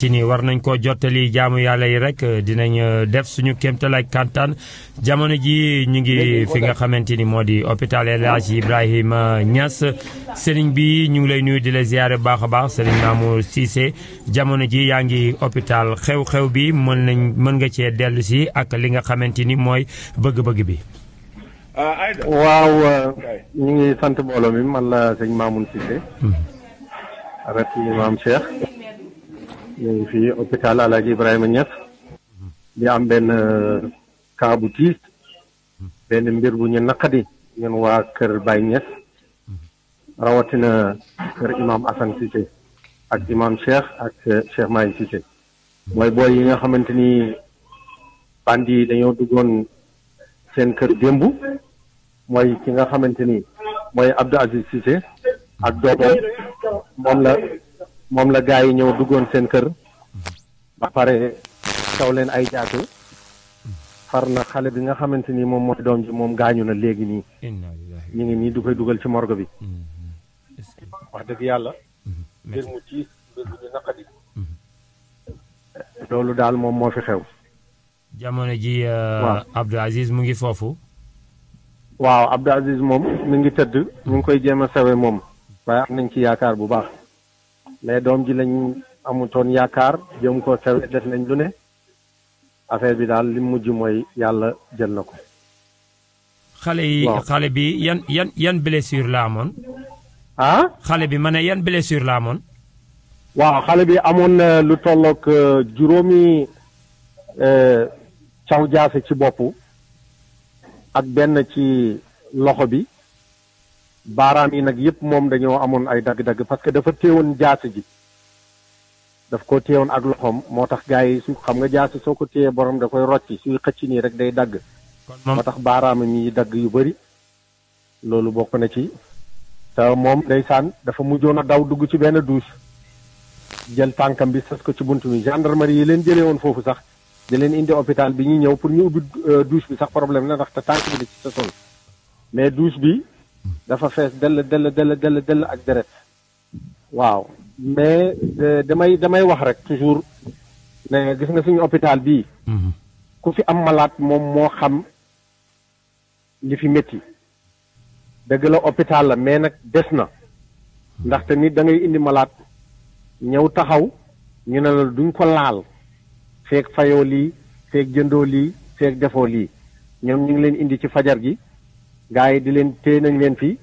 ci ni war nañ koo jottali jaamu yàlla yi rek euh, dinañ euh, def suñu kemtal ak kantaan jamono ji ñu ngi fi nga xamante ni moo di hôpital El Hadji Ibrahima Niass sëriñ bi ñu ngi lay nuyu di la ziare baax a baax sëriñ Mamour Cissé jamono ji yaa ngi hôpital xew-xew bi mën nañ mën nga cee dellu si ak li nga xamante ni mooy bëgg-bëgg bi. Ah, euh, mbooloo mi man la ñu ngi fii hôpital Alaaji Ibrahima Niass di am benn euh, cas bu tiis benn mbir bu ñu naqadi ñun waa kër Baye Niass rawatina kër imam Assane Cissé ak imam Cheikh ak euh, Cheikh Mahi Cissé mooy booy yi nga xamante ni bandi dañoo duggoon seen kër démb mooy ki nga xamante ni mooy Abdou Aziz Cissé ak doomam moom la moom la gaa yi ñëw duggoon seen kër ba pare taw leen ay jaatu far na xale bi nga xamante ni moom mooy doom ji moom gaañu na léegi nii ñu ngi nii du koy dugal ci morgo bi mm-hmm. wax dëgg yàlla mm-hmm. mbir mu mm-hmm. loolu daal moom moo fi xew jamono ji euh, Abdou Aziz mu ngi foofu waaw Abdou Aziz moom mu ngi tëdd mu ngi koy jéem a sawe moom waaye am nañ ci yaakaar bu baax mais doom ji lañ amutoon yaakaar jëm ko kawe def nañ lu ne affaire bi daal li mujj mooy yàlla jël na ko. xale yi xale bi yan yan yan blessure la amoon. ah. xale bi ma ne yan blessure la amoon. waaw xale bi amoon na lu tollook euh, juróomi euh, caw jaase ci bopp ak benn ci loxo bi. baaraam yi nag yëpp moom dañoo amoon ay dagg-dagg parce que dafa téewoon jaasi ji daf ko téewoon ak loxoom moo tax gars yi su xam nga jaasi soo ko téyee boroom da koy rocci suy xëcc nii rek day dagg moo tax baaraam yi dagg yu bëri loolu bokk na ci te moom ndeysaan dafa mujjoon a daw dugg ci benn douche jël tànkam bi sës ko ci bunt bi gendarmerie yi leen jëlee woon foofu sax di leen indi hôpital bi ñuy ñëw pour ñu ubbi euh, douche bi sax problème na la te tànk bi da ci dafa fees dell dell dell dell dell ak deret waaw mais euh, damay damay wax rek toujours ne gis nga suñu hôpital bii mhm. ku fi am malaat moom moo xam li fi metti dëgg hôpital la mais nag des na ndaxte nit da indi malaat ñëw taxaw ñu ne la duñ ko laal feeg fayoo lii feeg jëndoo lii feeg defoo lii ñoom ñu ngi leen indi ci fajar gi gars yi di leen téye nañ leen fii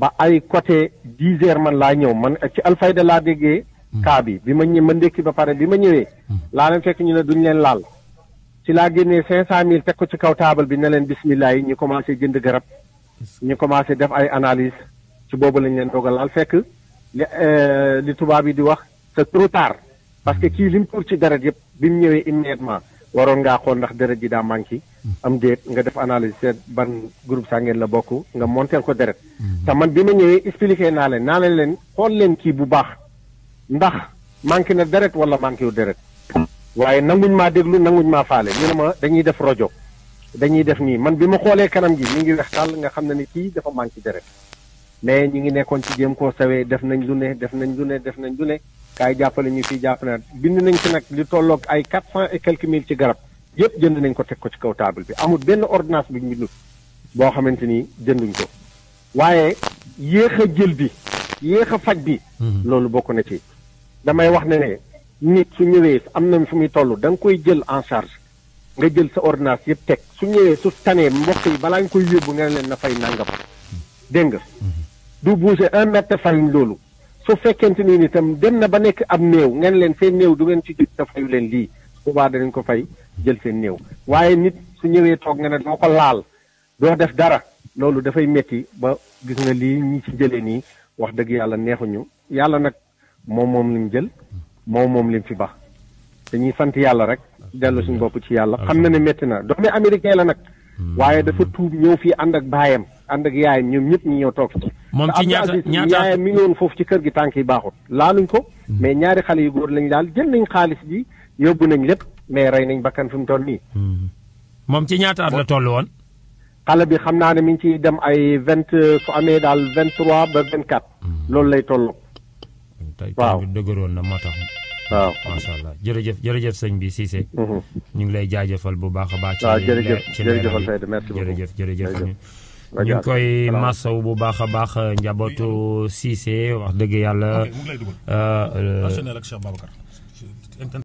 ba ay côté dix heures man laa ñëw man ci alfayda laa déggee hmm. cas bi bi ma ñë ma ndékki ba pare bi ma ñëwee hmm. laa leen fekk ñu ne duñu leen laal ci laa génnee cinq cent mille teg ko ci kaw taabal bi na leen bismillah yi ñu commencé jënd garab ñu commencé def ay analyse ci boobu lañ leen dogal laal fekk li euh, li tubaab yi di wax c'est trop parce que hmm. kii li mu tuur ci deret yëpp bi mu ñëwee immédiatement waroon ngaa xool ndax deret ji daa manqué hmm. am déet nga def analyse seet ban groupe sanguin la bokk nga monteel ko deret hmm. te man bi ma ñëwee expliqué naa leen naa leen leen xool leen kii bu baax ndax manqué na deret wala manqué wu deret waaye nanguñ maa déglu nanguñ maa faale ñu ne ma dañuy def rojo dañuy def nii man bi ma xoolee kanam gi ñu ngi wex tàll nga xam ne ni kii dafa manqué deret mais ñu ngi nekkoon ci jéem koo sawee def nañ lu ne def nañ lu ne def nañ lu ne kaay jàppale ñu fii jàppale bind nañ ci nag li tollook ay quatre cent et quelques mille ci garab yëpp jënd nañ ko teg ko ci kaw taabal bi amut benn ordonnance bi ñu nu boo xamante ni jënduñ ko waaye yéex a jël bi yéex a faj bi. Mhm. loolu bokk na ci. damay wax ne ne nit su ñëwee am nañ fu muy toll da nga koy jël en charge nga jël sa ordonnance yëpp teg su ñëwee su tanee mbokk yi balaa ñu koy yóbbu nga leen na fay nangam mhm. dégg nga. Mhm. du bouger un mètre fariñ loolu. su fekkente ni itam dem na ba nekk am néew ngeen leen seen néew du ngeen ci jot te fayu leen lii boobaa danañ ko fay jël seen néew waaye nit su ñëwee toog nga ne doo ko laal doo def dara loolu dafay metti ba gis nga lii ñu ci jëlee nii wax dëgg yàlla neexuñu yàlla nag moom moom lim jël moom moom lim fi ba dañuy sant yàlla rek dellu suñu bopp ci yàlla xam na ne métti na doomi américain la nag hmm. waaye dafa tuub ñëw fi ànd ak baayam ànd ak yaayam ñoom ñëpp ñëw toog moom ci ñaata ñaata yaayam mi ngi woon foofu ci kër gi tànk yi baaxul laaluñ ko hmm. mais ñaari xale yu góor lañ daal jël nañ xaalis bi yóbbu nañ lépp mais rey nañ bakkan fi mu toll nii hmm. moom ci ñaata at la toll woon xale bi xam naa ne mi ngi ciy dem ay vingt su amee daal vingt trois ba vingt quatre hmm. loolu lay toll waaw tey dëgëroon na moo tax waaw macha allah jërëjëf jërëjëf sëñ bi Cissé. ñu ngi lay jaajëfal bu baax a baax. ci leer ci leer jërëjëf jërëjëf merci beaucoup jërëjëf jërëjëf. ñu ngi koy masaw bu baax a baax euh, njabootu Cissé wax dëgg yàlla.